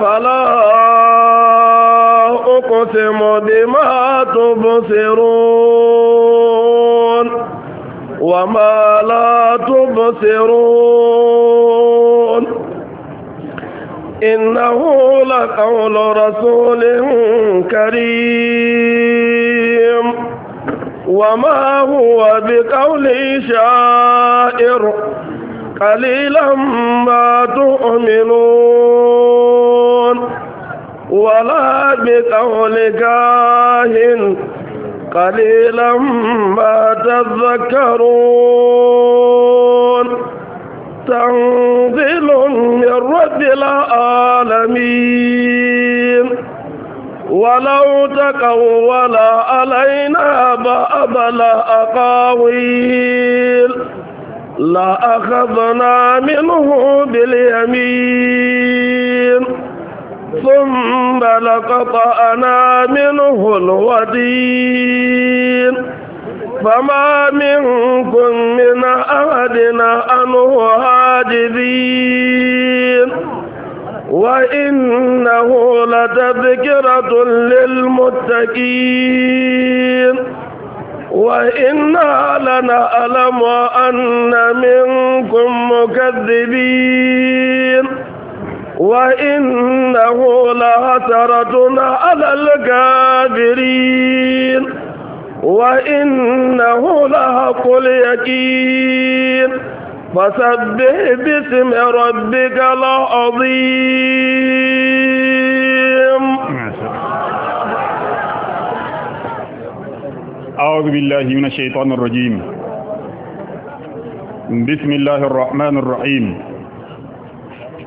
فلا أقسم بما تبصرون وما لا تبصرون إنه لقول رسول كريم وما هو بقول شائر قليلا ما تؤمنون ولا بقول كاهن قليلا ما تذكرون تنزل من رب العالمين ولو تقول علينا بعض الأقاويل لأخذنا منه باليمين ثم لقطعنا منه الودين فما منكم من أهدنا عنه هاجدين وإنه لتذكرة للمتقين وإنا لنعلم أن منكم مكذبين وإنه لحسرة على الكافرين وإنه لحق اليقين فسبح باسم ربك العظيم أعوذ بالله من الشيطان الرجيم بسم الله الرحمن الرحيم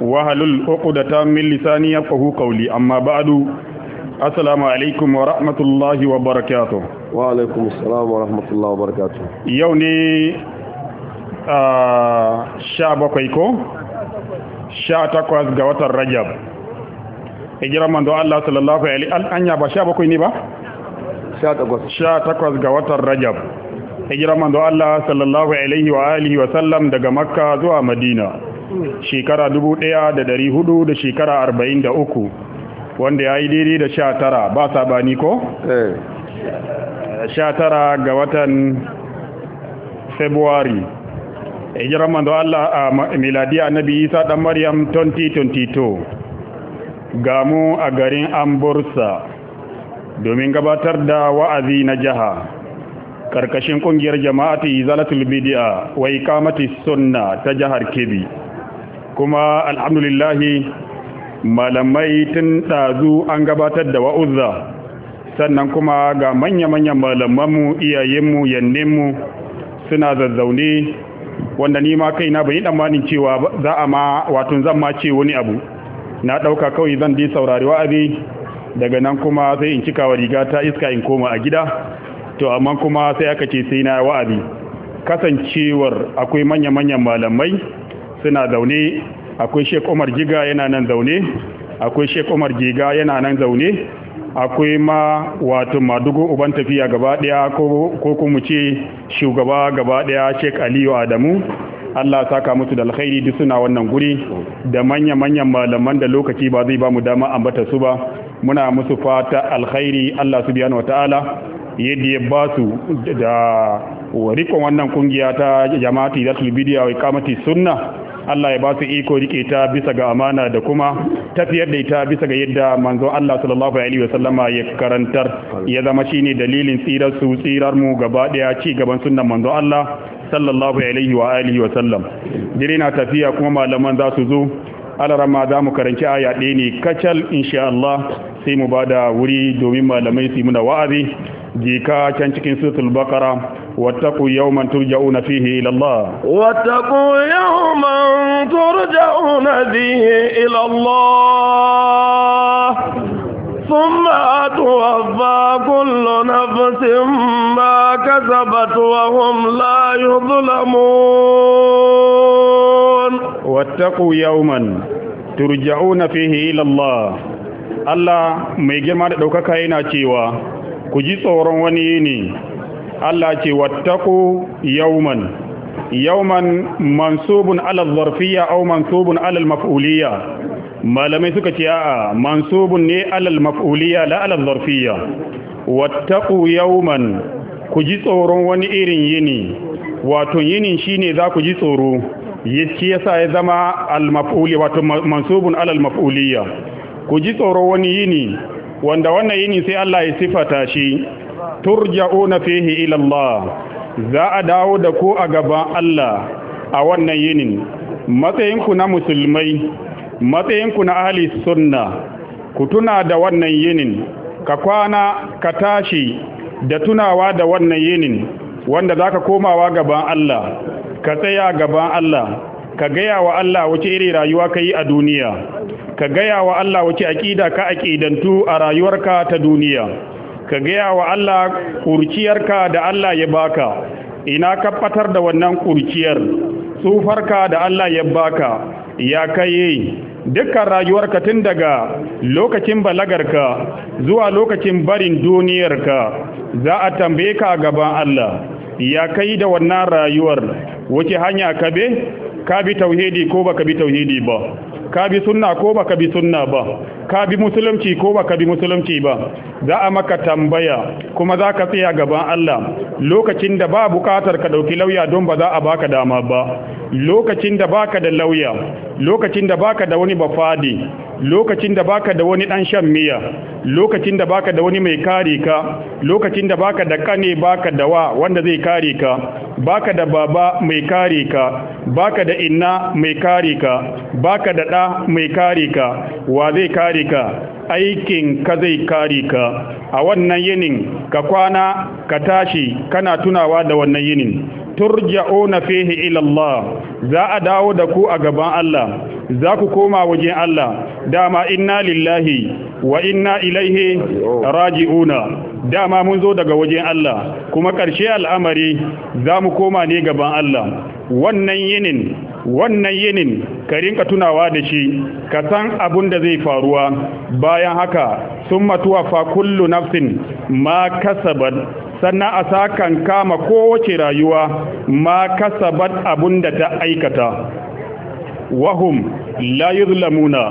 wahalul uqdata min lisani yafqahu qawli amma ba'du assalamu alaikum wa rahmatullahi wa barakatuh wa alaikum assalam wa rahmatullahi wa barakatuh yau ne a sha bakwai ko sha takwas ga watan rajab hijiran manzo Allah sallallahu alaihi anya ba sha takwas ga watan rajab hijiran manzo Allah sallallahu alaihi wa sallam daga makka zuwa madina shekara 1400 da shekara 43 wanda ya yi daidai da 19 ba sabani ko? 19 eh. ga watan february hijirar manzo Allah a miladi annabi Isa dan Maryam 2022 gamu a garin Ambursa domin gabatar da wa'azi na jaha karkashin kungiyar jama'ati zalatul bid'a wa iqamati sunna ta jihar Kebbi kuma alhamdulillahi malamai tun ɗazu an gabatar da wa'uzza sannan kuma ga manya-manyan malamanmu iyayenmu yannenmu suna zazzaune wanda ni ma na bai tsammanin cewa za a ma wato zan ma ce wani abu na ɗauka kawai zan dai saurari wa'azi daga nan kuma sai in cika wa riga ta iska in koma a gida to amma kuma sai aka ce sai na wa'azi kasancewar akwai manya-manyan malamai suna zaune akwai Sheikh Umar Giga yana nan zaune akwai Sheikh Umar Giga yana nan zaune akwai ma wato madugo uban tafiya gaba daya ko kuma ce shugaba gaba daya Sheikh Aliyu Adamu Allah saka musu da alkhairi duk suna wannan guri da manya-manyan malaman da lokaci ba zai ba mu dama ambata su ba muna musu fata alkhairi Allah subhanahu wataala yadda ya ba su da rikon wannan kungiya ta jama'ati da bidiya wa iqamati sunna Allah ya ba su iko rike ta bisa ga amana da kuma tafiyar da ita bisa ga yadda manzon Allah sallallahu alaihi wa sallama ya karantar ya zama shine dalilin tsirar su tsirar mu gaba daya ci gaban sunnan manzon Allah sallallahu alaihi wa alihi wa sallam dire na tafiya kuma malaman za su zo alarama za mu karanci aya ɗaya ne kacal insha Allah sai mu bada wuri domin malamai su yi muna wa'azi jika can cikin suratul baqara واتقوا يوما ترجعون فيه إلى الله واتقوا يوما ترجعون فيه إلى الله ثم توفى كل نفس ما كسبت وهم لا يظلمون واتقوا يوما ترجعون فيه إلى الله Allah mai girma da ɗaukaka yana cewa ku ji tsoron wani yini Allah ce wattaku yawman yawman mansubun ala zarfiyya aw mansubun ala maf'uliyya malamai suka ce a'a mansubun ne ala maf'uliyya la ala zarfiyya wattaku yawman ku ji tsoron wani irin yini wato yinin shine za ku ji tsoro shi yasa ya zama al-maf'uli wato mansubun ala al-maf'uliyya ku ji tsoro wani yini wanda wannan yini sai Allah ya sifata shi turja'una fihi ila Allah za a dawo da ku a gaban Allah a wannan yinin matsayinku na musulmai matsayinku na ahli sunna ku tuna da wannan yinin ka kwana ka tashi da tunawa da wannan yinin wanda zaka komawa gaban Allah ka tsaya gaban Allah ka gaya wa Allah wace iri rayuwa ka a duniya ka gaya wa Allah wace aƙida ka aƙidantu a rayuwarka ta duniya ka gaya wa Allah kurciyarka da Allah ya baka ina ka fatar da wannan kurciyar tsufarka da Allah ya baka ya kai dukkan rayuwarka tun daga lokacin balagarka zuwa lokacin barin duniyarka za a tambaye ka gaban Allah ya kai da wannan rayuwar wace hanya ka bi? ka bi tauhidi ko baka bi tauhidi ba ka bi sunna ko baka bi sunna ba ka bi musulunci ko ba ka bi musulunci ba za a maka tambaya kuma za ka tsaya gaban Allah lokacin da ba bukatar ka ɗauki lauya don ba za a baka dama ba lokacin da baka da lauya lokacin da baka da wani bafadi lokacin da baka da wani dan shan miya lokacin da baka da wani mai kare ka lokacin da baka da kane baka da wa wanda zai kare ka baka da baba mai kare ka baka da inna mai kare ka baka da da mai kare ka wa zai kare ka aikin ka zai kare ka a wannan yinin ka kwana ka tashi kana tunawa da wannan yinin turja'una fihi ila Allah za a dawo da ku a gaban Allah za ku koma wajen Allah dama inna lillahi wa inna ilaihi raji'una dama mun zo daga wajen Allah kuma ƙarshe al'amari za mu koma ne gaban Allah wannan yinin wannan yinin ka rinka tunawa da shi ka san abin da zai faruwa bayan haka sun matuwa fa kullu nafsin ma kasabat sannan a sakan kama kowace rayuwa ma kasabat abin da ta aikata wahum la yuzlamuna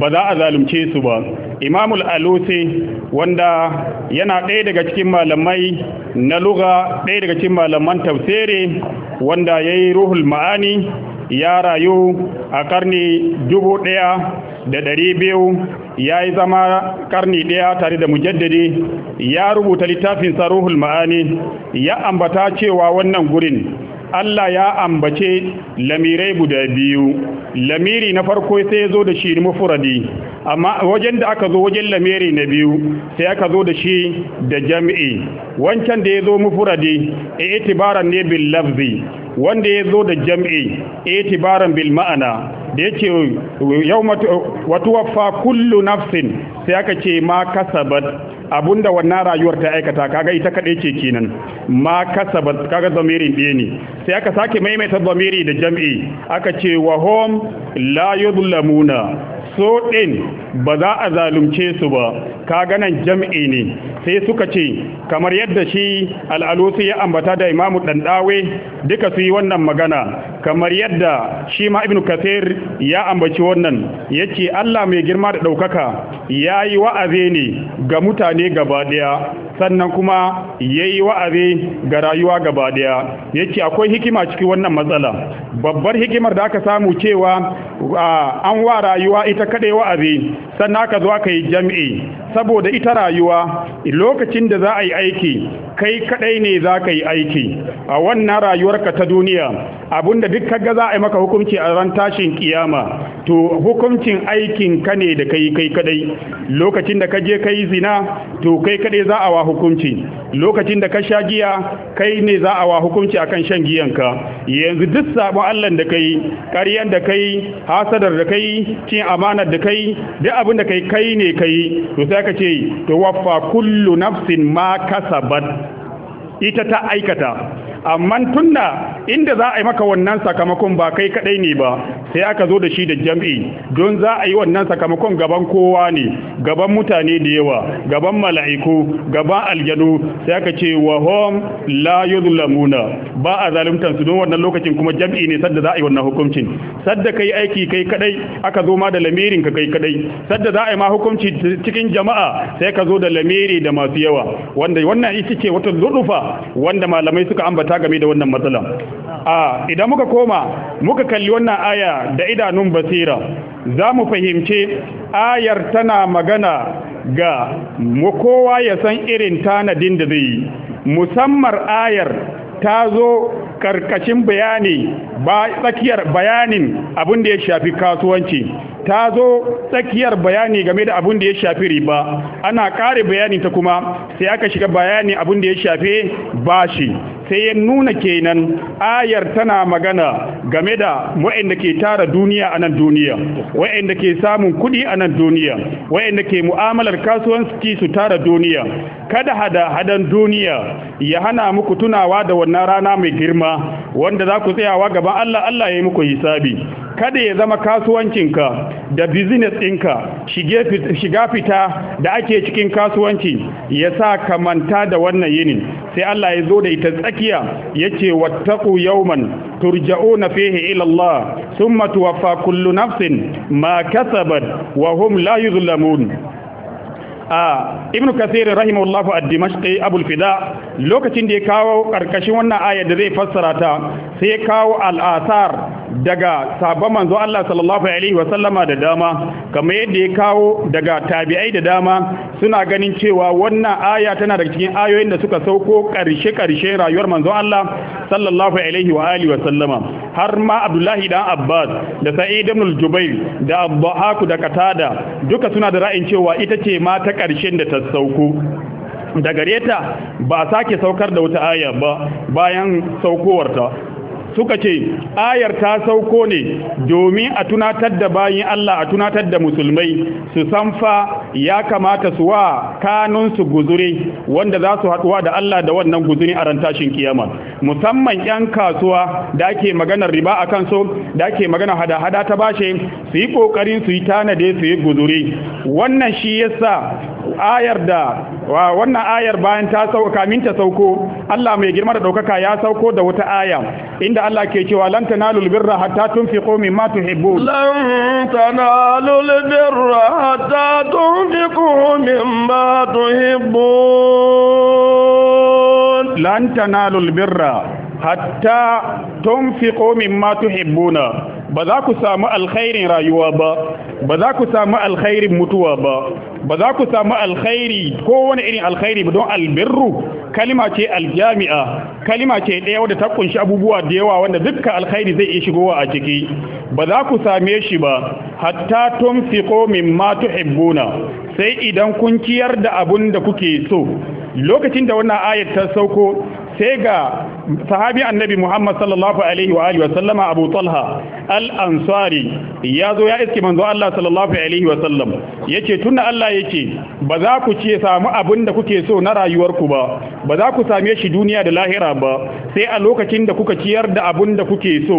ba za a zalunce su ba imamul alusi wanda yana ɗaya daga cikin malamai na luga ɗaya daga cikin malaman tafsiri wanda ya yi ruhul ma'ani ya rayu a karni dubu ɗaya da ɗari biyu ya yi zama karni ɗaya tare da mujaddadi ya rubuta littafinsa ruhul ma'ani ya ambata cewa wannan gurin Allah ya ambace lamirai guda biyu lamiri na farko sai ya zo da shi mufuradi amma wajen da aka zo wajen lamiri na biyu sai aka zo da shi da jami'i wancan da ya zo mufuradi itibaran ne bil lafzi wanda ya zo da jam'i itibaran bil ma'ana da ya ce yau wafa kullu nafsin sai aka ce ma kasabat abunda wannan rayuwar ta aikata kaga ita kaɗai ce kenan ma kasabat kaga zamirin ɗaya ne sai aka sake maimaita zamiri da jam'i aka ce wa hom la yuzlamuna so ɗin ba za a zalunce su ba ka nan jam'i ne sai suka ce kamar yadda shi al'alusi ya ambata da imamu ɗanɗawe duka su yi wannan magana kamar yadda shi ma ibnu kathir ya ambaci wannan yake Allah mai girma da daukaka yi wa'azi ne ga mutane gaba sannan kuma ya yi wa'azi ga rayuwa gaba daya ce akwai hikima cikin wannan matsala babbar hikimar da aka samu cewa an wa rayuwa ita kaɗai wa'azi sannan aka zo aka yi jam'i saboda ita rayuwa lokacin da za a yi aiki kai kaɗai ne za ka yi aiki a wannan rayuwarka ta duniya abin abinda duk kaga za a yi maka hukunci a ran tashin kiyama to hukuncin aikin ka ne da kai kai kadai lokacin da ka je kai zina to kai kadai za a wa hukunci lokacin da ka sha giya kai ne za a wa hukunci akan shan giyanka yanzu duk sabon Allah da kai ƙaryan da kai hasadar da kai cin amanar da kai duk abin da kai kai ne kai to sai ka ce to waffa kullu nafsin ma kasabat ita ta aikata amma tunda inda za a yi maka wannan sakamakon ba kai kadai ne ba sai aka zo da shi da jam'i don za a yi wannan sakamakon gaban kowa ne gaban mutane da yawa gaban mala'iku gaban aljanu sai aka ce wa hum la yuzlamuna ba a zaluntar su don wannan lokacin kuma jam'i ne sadda za a yi wannan hukuncin sadda kai aiki kai kadai aka zo ma da lamirin ka kai kadai sadda za a yi ma hukunci cikin jama'a sai ka zo da lamiri da masu yawa wanda wannan ita ce wata ludufa wanda malamai suka ambata game da wannan matsalan a idan muka koma muka kalli wannan aya da idanun basira za mu fahimci ayar tana magana ga kowa ya san irin tanadin da zai yi musammar ayar ta zo karkashin bayani ba tsakiyar bayanin abin da ya shafi kasuwanci ta zo tsakiyar bayani game da abin da ya shafi riba ana kare bayani ta kuma sai aka shiga bayani abin da ya shafi bashi sai ya nuna kenan ayar tana magana game da wa'inda ke tara duniya a nan duniya wa'anda ke samun kuɗi a nan duniya wa'inda ke mu'amalar kasuwanci su tara duniya kada hada hadan duniya ya hana muku tunawa da wannan rana mai girma wanda za ku tsayawa gaban Allah Allah ya yi muku hisabi kada ya zama kasuwancinka da business ɗinka shiga fita da ake cikin kasuwanci ya sa ka manta da wannan yini. sai Allah ya zo da ita tsakiya ya ce wattaku yawman turja'una fihi ilallah sun summa tuwaffa kullu nafsin ma kasabat wa hum la yuzlamun Ah, ibnu kasir rahimahullahu ad-dimashqi abul fida lokacin da ya kawo karkashin wannan ayar da zai fassara ta sai ya kawo al'asar daga sabon manzo Allah sallallahu alaihi wa sallama da dama kamar yadda ya kawo daga tabi'ai da dama suna ganin cewa wannan aya tana daga cikin ayoyin da suka sauko karshe karshen rayuwar manzo Allah sallallahu alaihi wa alihi wa sallama har ma abdullahi dan abbas da sa'id ibn al-jubayr da abbahaku da katada duka suna da ra'ayin cewa ita ce ma ta ƙarshen da ta sauko da gareta ba ba sake saukar da wata aya ba bayan saukowarta suka ce ayar ta sauko ne domin a tunatar da bayin Allah a tunatar da musulmai su sanfa fa ya kamata su wa kanunsu su guzuri wanda za su haɗuwa da Allah da wannan guzuri a rantashin shin kiyama musamman yan kasuwa da ake maganar riba a kansu da ake magana hada-hada ta bashe su yi kokarin su yi tanade su yi guzuri wannan shi yasa ayar da wannan ayar bayan ta sauka kamin ta sauko Allah mai girma da ɗaukaka ya sauko da wata aya inda Allah ke cewa lan tanalul birra hatta tunfiqu mimma tuhibbun lan tanalul birra hatta tunfiqu mimma tuhibbun lan tanalul birra hatta tunfiqu mimma tuhibbuna ba za ku samu alkhairin rayuwa ba ba za ku samu alkhairin mutuwa ba ba za ku samu alkhairi ko wani irin alkhairi ba don albirru kalima ce aljami'a kalima ce ɗaya wadda ta kunshi abubuwa da yawa wanda dukkan alkhairi zai iya shigowa a ciki ba za ku same shi ba hatta tunfiqo mimma tuhibbuna sai idan kun ciyar da abun da kuke so lokacin da wannan ayat ta sauko sai ga sahabi annabi Muhammad sallallahu alaihi wa alihi wa sallama Abu Talha al-Ansari ya zo ya iske manzo Allah sallallahu alaihi wa sallam yace tunda Allah yake ba za ku ce samu abin da kuke so na rayuwarku ba ba za ku same shi duniya da lahira ba sai a lokacin da kuka ciyar da abin da kuke so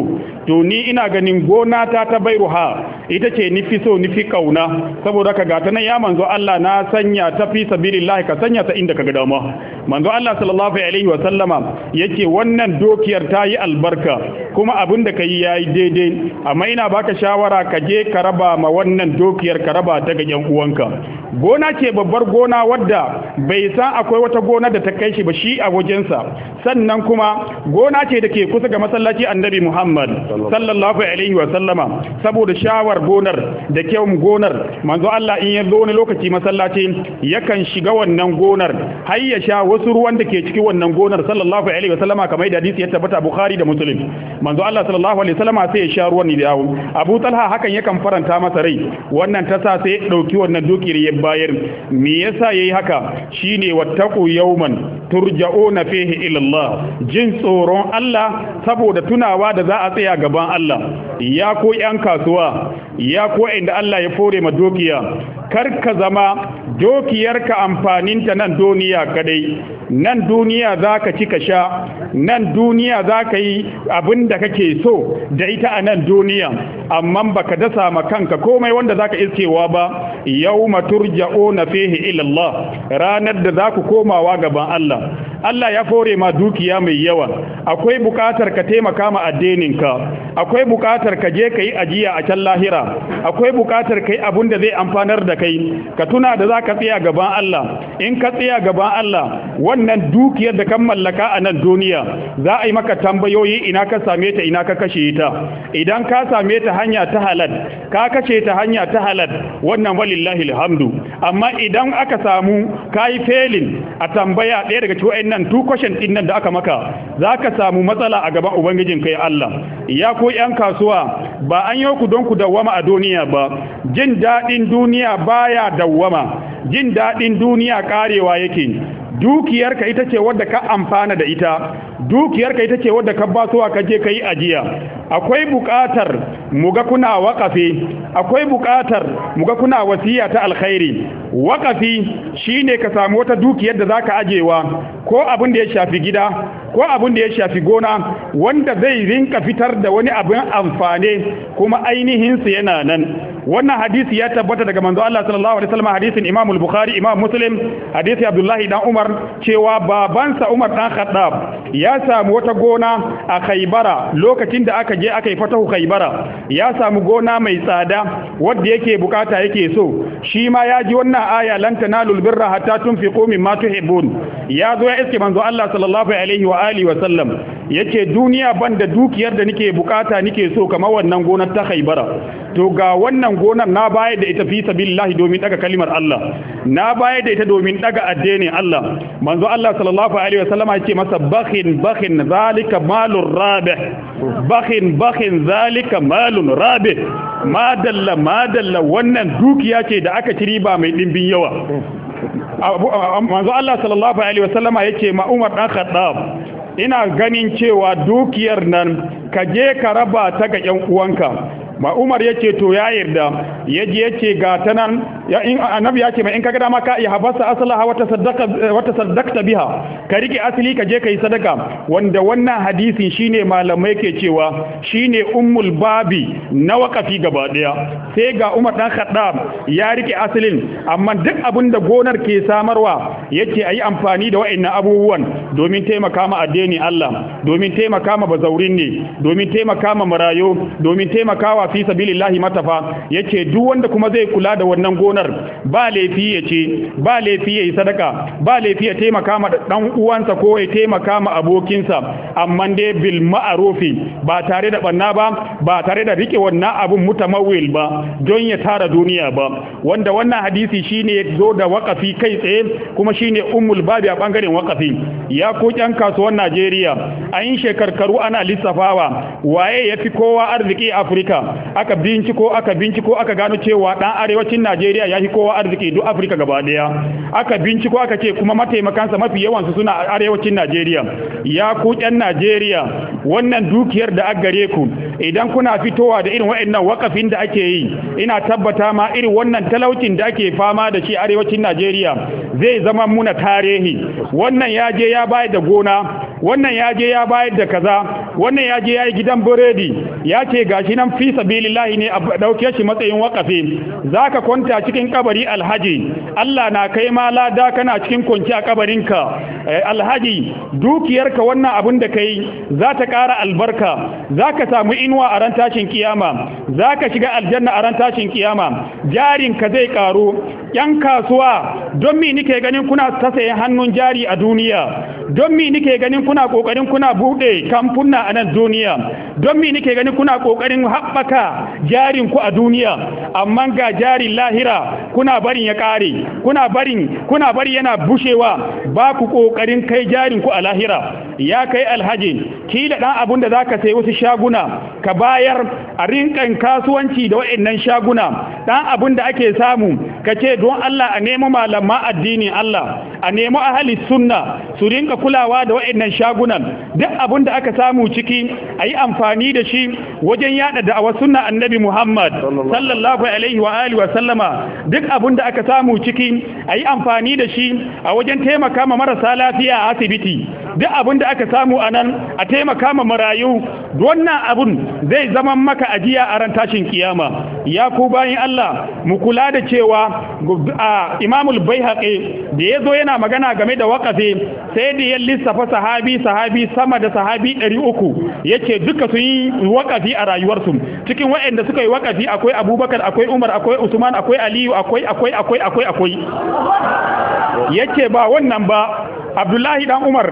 to ni ina ganin gona ta ta bairuha ita ce nifi so nifi kauna saboda ka gata nan ya manzo Allah na sanya ta fi sabilillah ka sanya ta inda ka ga dama manzo Allah sallallahu alaihi wa sallama yake wannan dokiyar ta yi albarka kuma abin da ka yi ya yi daidai amma ina baka shawara ka je ka raba ma wannan dokiyar ka raba ta ga yan uwanka gona ce babbar gona wadda bai san akwai wata gona da ta kai shi ba shi a wajensa sannan kuma gona ce da ke kusa ga masallaci annabi muhammad sallallahu alaihi wa sallama saboda shawar gonar da kyau gonar manzo Allah in ya zo wani lokaci masallaci yakan shiga wannan gonar har sha wasu ruwan da ke ciki wannan gonar sallallahu alaihi wa sallama kamar da hadisi ya tabbata Bukhari da Muslim manzo Allah sallallahu alaihi wasallam sai ya sha ruwan nidawo Abu Talha hakan yakan faranta masa rai wannan ta sa sai ɗauki dauki wannan dukiyar ya bayar me yasa yayi haka shine wattaqu yawman turja'una fihi ila Allah jin tsoron Allah saboda tunawa da za a tsaya gaban Allah ya ko yan kasuwa ya ko inda Allah ya fore ma dukiya kar ka zama dokiyarka amfaninta nan duniya kadai nan duniya za ka ci ka sha nan duniya za ka yi abin da kake so da ita a nan duniya amma baka dasa ma kanka komai wanda za ka iskewa ba yau maturja'o na fehe ilallah ranar da za ku komawa gaban Allah Allah ya fore ma dukiya mai yawa akwai bukatar ka taimaka ma addininka akwai bukatar ka je ka yi ajiya a can lahira akwai bukatar ka yi abin da zai amfanar da kai ka tuna da za ka tsaya gaban Allah in ka tsaya gaban Allah wannan dukiyar da kan mallaka a nan duniya za a yi maka tambayoyi ina ka same ta ina ka kashe ta idan ka same ta hanya ta halal ka kashe ta hanya ta halal wannan walillahi alhamdu amma idan aka samu kayi felin a tambaya ɗaya daga cikin nan two question din nan da aka maka za ka samu matsala a gaban ubangijin kai Allah ya ko yan kasuwa ba an yi ku don ku dawwama a duniya ba jin daɗin duniya baya dawwama jin daɗin duniya karewa yake dukiyarka ita ce wadda ka amfana da ita dukiyar ka ita ce wadda ka ba suwa ka je ka yi ajiya akwai buƙatar muga kuna waƙafi akwai buƙatar muga kuna wasiya ta alkhairi waƙafi shine ka samu wata dukiyar da zaka ajewa ko abin da ya shafi gida ko abin da ya shafi gona wanda zai rinka fitar da wani abin amfane kuma ainihin su yana nan wannan hadisi ya tabbata daga manzo Allah sallallahu alaihi wasallam hadisin Imam al-Bukhari Imam Muslim hadisi Abdullahi dan Umar cewa babansa Umar dan Khattab ya samu wata gona a Khaibara lokacin da aka je aka yi fatahu Khaibara ya samu gona mai tsada wanda yake bukata yake so shi ma ya ji wannan aya lan tanalul birra hatta tunfiqu mimma tuhibbun ya zo ya iske manzo Allah sallallahu alaihi wa alihi wa sallam yace duniya banda dukiyar da nake bukata nike so kamar wannan gonar ta Khaibara to ga wannan gonar na bayar da ita fi sabilillahi domin daga kalimar Allah na bayar da ita domin daga addinin Allah manzo Allah sallallahu alaihi wa sallama yace masa bakhin Bakin zalika malun Rabe bakin bakin zalika malun Rabe madalla madalla wannan dukiya ce da aka ci riba mai dimbin yawa manzo Allah sallallahu alaihi wasallama yace ma Umar dan Khattab ina ganin cewa dukiyar nan ka je ka raba ta ga yan uwanka ma Umar yace to ya yarda yaje yace ga tanan ya in annabi ya ce mai in kaga dama ka iya habasa aslaha wata tasaddaqa wa tasaddaqta biha ka rike asali ka je kai sadaka wanda wannan hadisin shine malamai ke cewa shine ummul babi na waqafi gaba daya sai ga Umar dan Khattab ya rike asalin amma duk abin da gonar ke samarwa yake ayi amfani da wa'annan abubuwan domin taimaka ma addini Allah domin taimaka ma bazaurin ne domin taimaka ma marayo domin taimakawa fi sabilillahi matafa yace duk wanda kuma zai kula da wannan gonar gonar ba laifi ya ce ba laifi ya yi sadaka ba laifi ya taimaka ma dan uwansa ko ya taimaka ma abokinsa amma dai bil ma'arufi ba tare da banna ba ba tare da rike wannan abun mutamawil ba don ya tara duniya ba wanda wannan hadisi shine ya zo da wakafi kai tsaye kuma shine ummul babi a bangaren wakafi ya ko yan kasuwar Najeriya a yin shekarkaru ana lissafawa waye ya fi kowa arziki Afirka aka binciko aka binciko aka gano cewa dan arewacin Najeriya ya yi kowa arziki duk afirka gaba daya aka binciko aka ce kuma mataimakansa mafi yawansu suna arewacin najeriya ya ku yan najeriya wannan dukiyar da aka gare ku idan kuna fitowa da irin wa'annan wakafin da ake yi ina tabbata ma irin wannan talaucin da ake fama da shi arewacin najeriya zai zama muna tarihi wannan ya je ya bayar da gona wannan ya je ya bayar da kaza wannan ya je ya yi gidan biredi ya ce gashi nan fi sabilillahi ne a dauke shi matsayin wakafi zaka kwanta cikin cikin kabari alhaji Allah na kai ma lada kana cikin kunci a kabarinka eh, alhaji dukiyarka wannan abin da kai za ta ƙara albarka za ka samu inuwa a ran tashin kiyama za ka shiga aljanna a ran tashin kiyama jarinka zai ƙaru yan kasuwa don mi nike ganin kuna ta hannun jari a duniya don mi nike ganin kuna kokarin kuna bude kamfuna a nan duniya don mi nike ganin kuna kokarin haɓaka jarin ku a duniya amma ga jarin lahira kuna barin ya kare kuna barin kuna bari yana bushewa ba ku kokarin kai jarin ku a lahira ya kai alhaji kila dan abun da zaka sayi wasu shaguna ka bayar a rinkan kasuwanci da waɗannan shaguna dan abun da ake samu ka ce don Allah a nemi malama addini Allah a nemi ahli sunna su rinka kulawa da waɗannan shagunan duk abun da aka samu ciki a yi amfani da shi wajen yada da'awar sunna annabi Muhammad sallallahu alaihi wa alihi wa sallama duk abin da aka samu ciki a yi amfani da shi a wajen taimaka ma marasa lafiya a asibiti duk abin da aka samu a nan a taimaka ma marayu wannan abun zai zama maka ajiya a ran tashin kiyama ya ku bayan Allah mu kula da cewa a imamul haƙe da ya zo yana magana game da waƙafi sai da ya lissafa sahabi sahabi sama da sahabi 300 yace duka sun yi waƙafi a rayuwarsu cikin waɗanda suka yi waƙafi akwai abubakar akwai umar akwai usman akwai ali aliyu akwai akwai akwai akwai akwai yake ba wannan ba abdullahi dan umar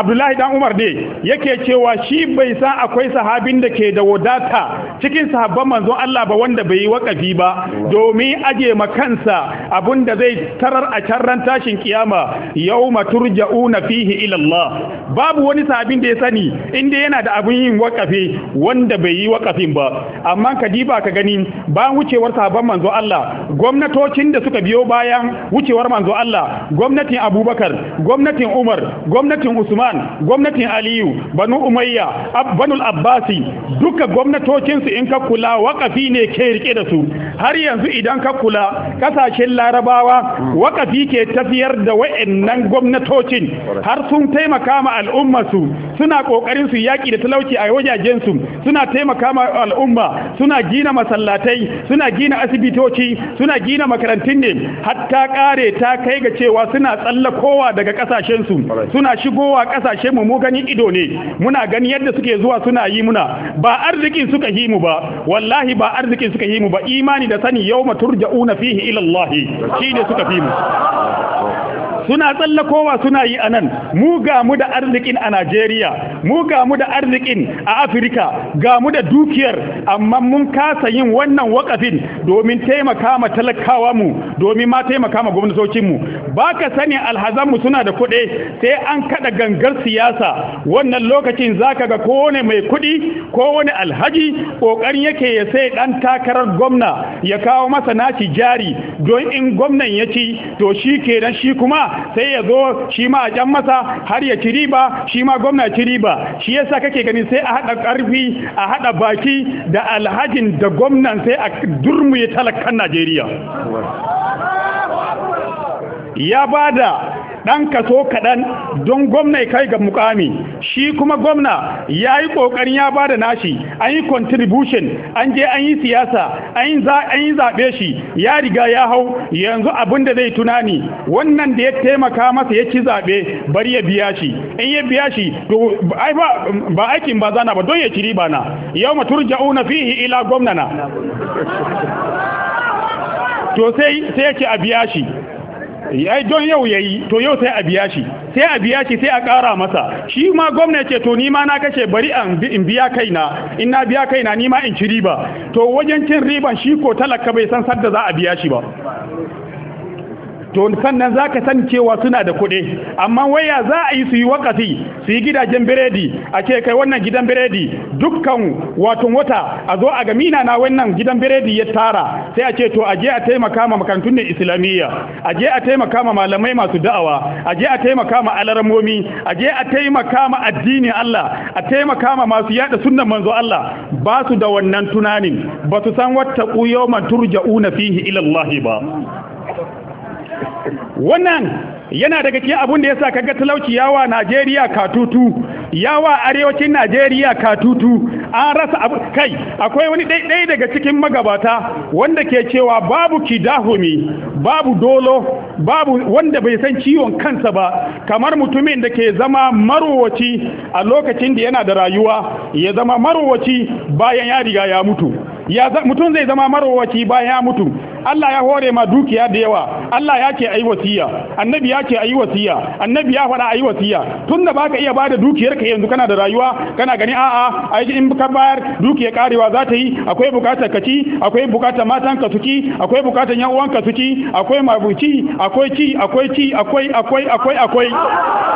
abdullahi dan umar ne yake cewa shi bai san akwai sahabin da ke da wadata cikin sahabban manzon Allah ba wanda bai yi wakafi ba domin aje makansa abun da zai tarar a can tashin kiyama yawma turja'una fihi ila Allah babu wani sahabin da ya sani inda yana da abin yin wakafi wanda bai yi wakafin ba amma ka ka gani bayan wucewar sahabban manzon Allah gwamnatocin da suka biyo bayan wucewar manzon Allah gwamnatin Abubakar gwamnatin gwamnatin Umar gwamnatin Usman gwamnatin Aliyu banu Umayya banul Abbasi duka gwamnatocinsu in ka kula wakafi ne ke rike da su har yanzu idan ka kula kasashen larabawa wakafi ke tafiyar da wa'annan gwamnatocin har sun taimaka ma su suna kokarin su yaki da talauci a wajajen su suna taimaka ma al'umma suna gina masallatai suna gina asibitoci suna gina makarantun ne hatta kare ta kai ga cewa suna tsalla kowa daga kasashen kasashensu suna shigowa kasashe mu mu gani ido ne muna gani yadda suke zuwa suna yi muna ba arzikin suka yi mu ba wallahi ba arzikin suka yi mu ba imani da sani yau turja'una fihi ila shi ne suka fi mu suna tsallakowa suna yi anan mu ga mu da arzikin a Najeriya mu ga mu da arzikin a Afirka ga mu da dukiyar amma mun kasa yin wannan wakafin domin taimaka ma talakawa mu domin ma taimaka ma gwamnatocin mu baka sani alhazan mu suna da kuɗi sai an kada gangar siyasa wannan lokacin zaka ga kowane mai kuɗi ko wani alhaji kokarin yake ya sai dan takarar gwamna ya kawo masa naci jari don in gwamnan ya ci to shi kenan shi kuma sai ya zo shi ma a can masa har ya ci riba shi ma gwamna ci riba shi yasa kake ganin sai a haɗa ƙarfi a haɗa baki da alhajin da gwamnan sai a durmuye talakan Najeriya ya bada ɗan kaso kaɗan don gwamna kai ga mukami shi kuma gwamna ya yi ƙoƙarin ya ba da nashi an yi contribution an je an yi siyasa an yi zaɓe shi ya riga ya hau yanzu abin da zai tunani wannan da ya taimaka masa ya ci zaɓe bari ya biya shi in ya biya shi to ba aikin ba zana ba don ya ci riba na yau maturja'una fihi ila gwamnana to sai sai ya ce a biya shi yi don yau yayi to yau sai a biya shi sai a biya shi sai a kara masa shi ma gwamna ce to ni ma na kashe bari in biya kaina in na biya kaina nima in ci riba to wajen cin riban shi ko talaka bai san sadda za a biya shi ba to sannan za ka san cewa suna da kuɗi amma waya za a yi su yi wakati su yi gidajen biredi a ce kai wannan gidan biredi dukkan watan wata a zo a gamina na wannan gidan biredi ya tara sai a ce to a je a taimaka ma makarantun ne islamiyya a je a taimaka ma malamai masu da'awa a je a taimaka ma alarmomi a je a taimaka ma addinin Allah a taimaka ma masu yada sunnan manzo Allah ba su da wannan tunanin ba su san wata man turja'una fihi ila Allah ba wannan yana daga cikin abun da ya yasa kaga talauci yawa Najeriya katutu yawa arewacin Najeriya katutu an rasa abu kai akwai wani ɗaiɗai daga cikin magabata wanda ke cewa babu kidahumi babu dolo babu wanda bai san ciwon kansa ba kamar mutumin da ke zama marowaci a lokacin da yana da rayuwa ya zama marowaci bayan ya riga ya mutu ya mutum zai zama marowaci bayan ya mutu Allah ya hore ma dukiya da yawa Allah ya ce ayi wasiya annabi ya ce ayi wasiya annabi ya faɗa ayi wasiya tunda baka iya bada dukiyar ka yanzu kana da rayuwa kana gani a'a ai in ka bayar dukiyar karewa za ta yi akwai bukatar ka ci akwai bukatar matan ka suki akwai bukatar yan uwan ka suki akwai mabuci akwai ci akwai ci akwai akwai akwai akwai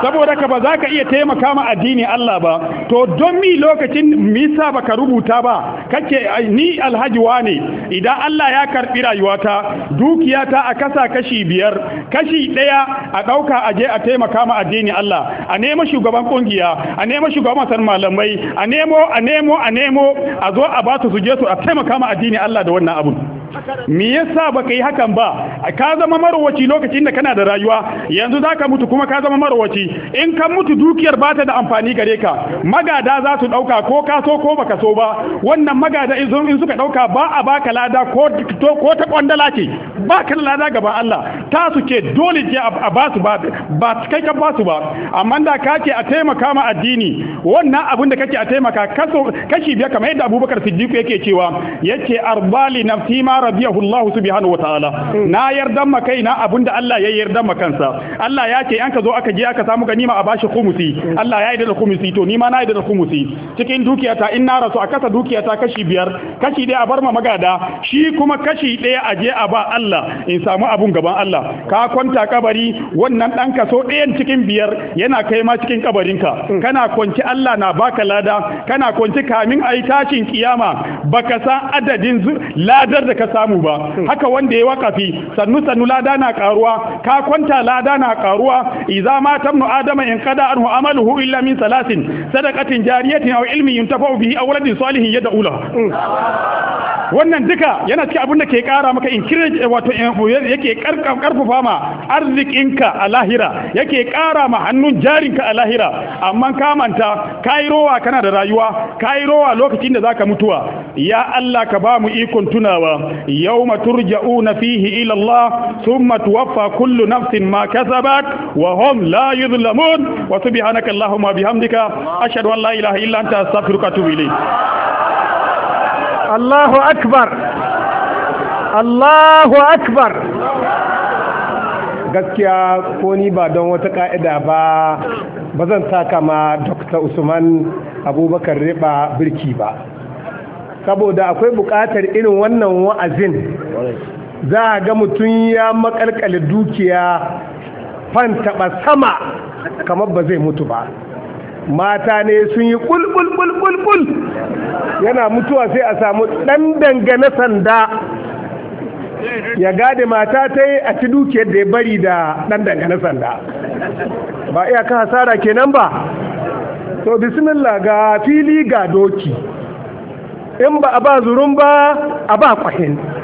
saboda ka ba za ka iya taimaka ma addini Allah ba to don mi lokacin misa baka rubuta ba kake ni alhaji wane idan Allah ya karbi rayuwa Dukiya ta a kasa kashi biyar kashi ɗaya a ɗauka a je a taimaka ma addini Allah a nemo shugaban kungiya a nemo shugaban masar malamai a nemo a nemo a nemo a zo a ba su su je su a taimaka ma addini Allah da wannan abun me yasa baka yi hakan ba ka zama marwaci lokacin da kana da rayuwa yanzu zaka mutu kuma ka zama marwaci in ka mutu dukiyar ba ta da amfani gare ka magada za su dauka ko ka so ko baka so ba wannan magada in suka dauka ba a baka lada ko ta kwandala ce ba ka lada gaba Allah ta su ke dole je a ba su ba ba kai ka ba su ba amma da ka ce a taimaka ma addini wannan abin da kake a taimaka kaso kashi biya kamar yadda Abubakar Siddiq yake cewa yace arbali nafsi ma radiyahu Allah subhanahu wataala hmm. na yarda ma kaina abinda Allah ya yarda ma kansa Allah ya ce an ka zo aka je aka samu ganima a bashi khumusi hmm. Allah ya yarda da khumusi to ni ma na yarda da khumusi cikin dukiyata in na rasu a kasa dukiyata kashi biyar kashi ɗaya a bar ma magada shi kuma kashi ɗaya a je a ba Allah in samu abun gaban Allah ka kwanta kabari wannan ɗan kaso ɗayan cikin biyar yana kai ma cikin kabarinka hmm. kana kwanci Allah na baka lada kana kwanci kamin a yi tashin kiyama baka san adadin ladar da ka samu ba hmm. haka wanda ya wakafi sannu sannu lada na karuwa ka kwanta lada na karuwa idza ma tamnu adama in qada anhu amaluhu illa min salasin sadaqatin jariyatin aw ilmin yuntafa'u bihi aw waladin salihin yad'u ula. Hmm. wannan duka yana cikin abin da ke kara maka in kirje eh, wato eh, yake karfafa ma arzikinka a lahira yake kara ma hannun jarinka a lahira amma ka manta kai rowa kana da rayuwa kai rowa lokacin da zaka mutuwa ya Allah ka ba mu ikon tunawa yawma turja'una fihi ila Allah thumma tuwaffa kullu nafsin ma kasabat wa hum la yuzlamun wa subhanaka allahumma bihamdika ashhadu an la ilaha illa anta astaghfiruka wa atubu ilayk Allahu akbar Allahu akbar gaskiya ko ni ba don wata ka'ida ba ba zan taka ma Dr. Usman Abubakar Riba birki ba saboda akwai buƙatar irin wannan wa'azin za a ga mutum ya makalkale dukiya fan taba sama kamar ba zai mutu ba mata ne sun yi kulkulkulkul yana mutuwa sai a samu ɗan dangane sanda ya gade mata ta yi a ci dukiyar da ya bari da ɗan dangane sanda ba iya ka hasara kenan ba so bismillah ga fili ga doki in ba a ba zurun ba a ba kwahin